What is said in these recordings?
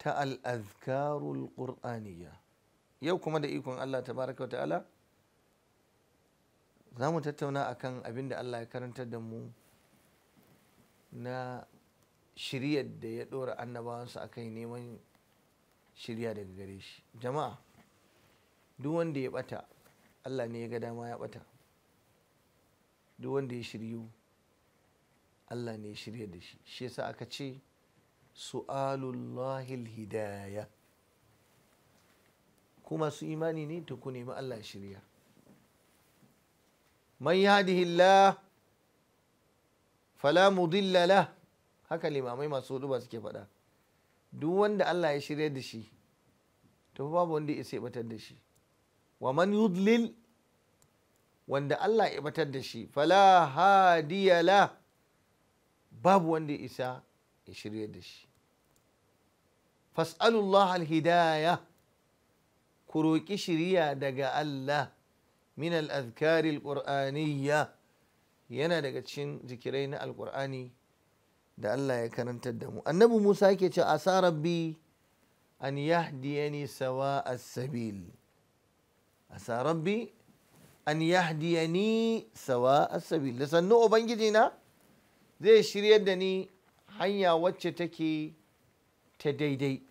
ta al'azkarul ƙur'aniya yau kuma da ikon Allah Ta baraka wa ta'ala za mu tattauna akan abin da Allah ya karanta da mu na shirya da ya ɗora annabawansa a kai neman shirya daga gare shi jama'a duk wanda ya ɓata Allah ne ya ga dama ya ɓata duk wanda ya shiryu Allah ne ya shirya da shi shi yasa aka ce su'alullahil hidaya Kuma su imani ne ta ku nemi Allah shirya man yahdihillah fala mudilla lah haka limamai masu duba suke faɗa duk wanda Allah ya shirya da shi to babu wanda ya batar da shi wa man yudlil wanda Allah ya batar da shi fala hadiya la babu wanda ya isa ya shirya da shi fas'alullah hidaya ku roƙi shiriya daga Allah min al al'ur'aniyya yana daga cikin zikirai na alƙur'ani da Allah ya karantar da mu annabi Musa yake ce asa rabbi an yahdiyani sawa as-sabil asa rabbi an yahdiyani sawa as-sabil da sannu ubangiji na zai shiryar da ni hanya wacce take ta daidai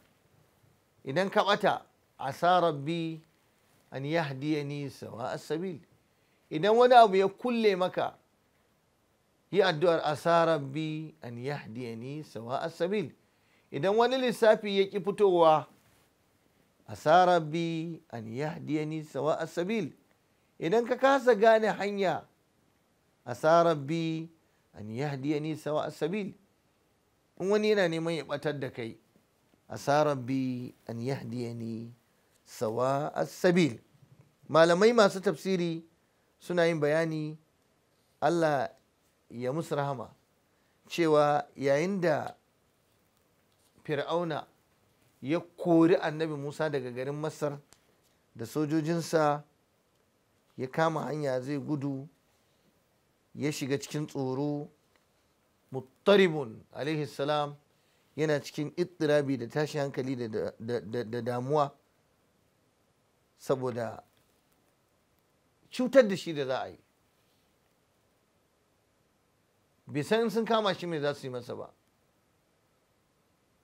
idan ka ɓata sa rabbi an ya yahdiyani sawa as-sabil idan wani abu ya kulle maka yi addu'ar a sa rabbi an ya yahdiyani sawa as-sabil idan wani lissafi ya ki fitowa a sa rabbi an ya yahdiyani sawa as-sabil idan ka kasa gane hanya a sa rabbi an ya yahdiyani sawa as-sabil in wani yana neman ya batar da kai asarar rabbi an yahdiyani sawa as-sabil malamai masu tafsiri suna yin bayani Allah ya musu rahma cewa yayin da fir'auna ya kori annabi musa daga garin masar da sojojinsa ya kama hanya zai gudu ya shiga cikin tsoro muttaribun alaihi yana cikin ittirabi da tashi hankali da damuwa saboda cutar da shi da za a yi bai san sun kama shi mai za su yi masa ba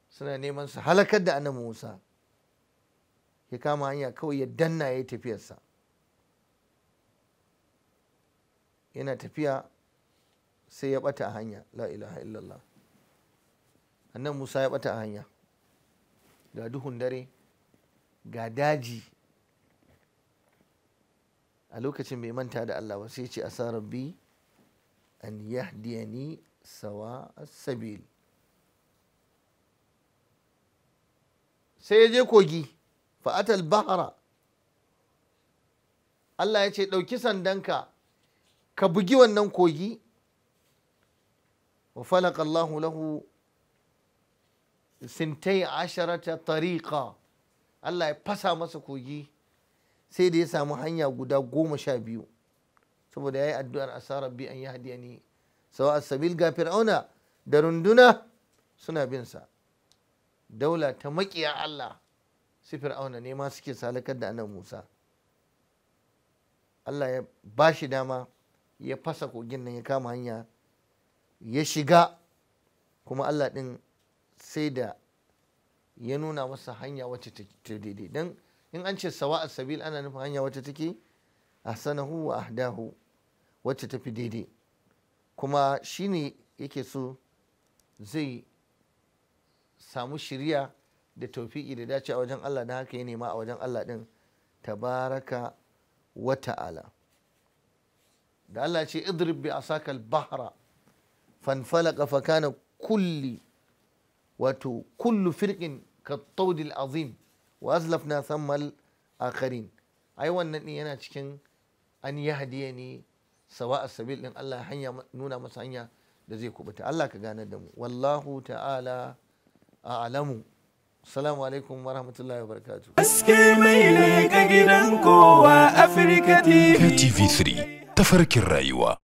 suna neman su halakar da annabi musa ya kama hanya kawai ya danna ya yi tafiyarsa yana tafiya sai ya bata a hanya la ilaha annan musa ya bata a hanya ga duhun dare ga daji a lokacin bai manta da allah ba sai ce asa rabbi an yahdiyani sawa sabil sai ya je kogi fa'atal bahara allah ya ce ɗauki sandanka ka bugi wannan kogi wa falaka allahu lahu sintai asharata tariqa Allah ya fasa masa kogi sai da ya samu hanya guda goma sha biyu saboda ya yi addu'ar asarar biyan an yi hadiya ne sau Sabil ga fir'auna da runduna suna bin sa daula ta maƙiya Allah su fir'auna ne ma suke salakar da annabi Musa Allah ya ba shi dama ya fasa kogin nan ya kama hanya ya shiga kuma Allah ɗin sai da ya nuna masa hanya wacce ta daidai don in an ce sawa a sabil ana nufin hanya wacce take sanahu wa ahdahu wacce ta fi daidai kuma shine yake so zai samu shirya da taufiƙi da dace a wajen Allah don haka ya nema a wajen Allah din tabaraka wa ta'ala da Allah ce idrib bi asakal bahra fanfalaka fa kulli wato kullu firqin kattaudil azim wa na sammal akharin ai wannan din yana cikin an yi hadiya ne sawa a sabil din Allah hanya nuna masa hanya da zai kubuta Allah ka gane da mu wallahu ta'ala a'lamu Assalamu alaikum wa rahmatullahi wa barakatuh. Aske mai ne ga gidan kowa Afirka TV. KTV3 tafarkin rayuwa.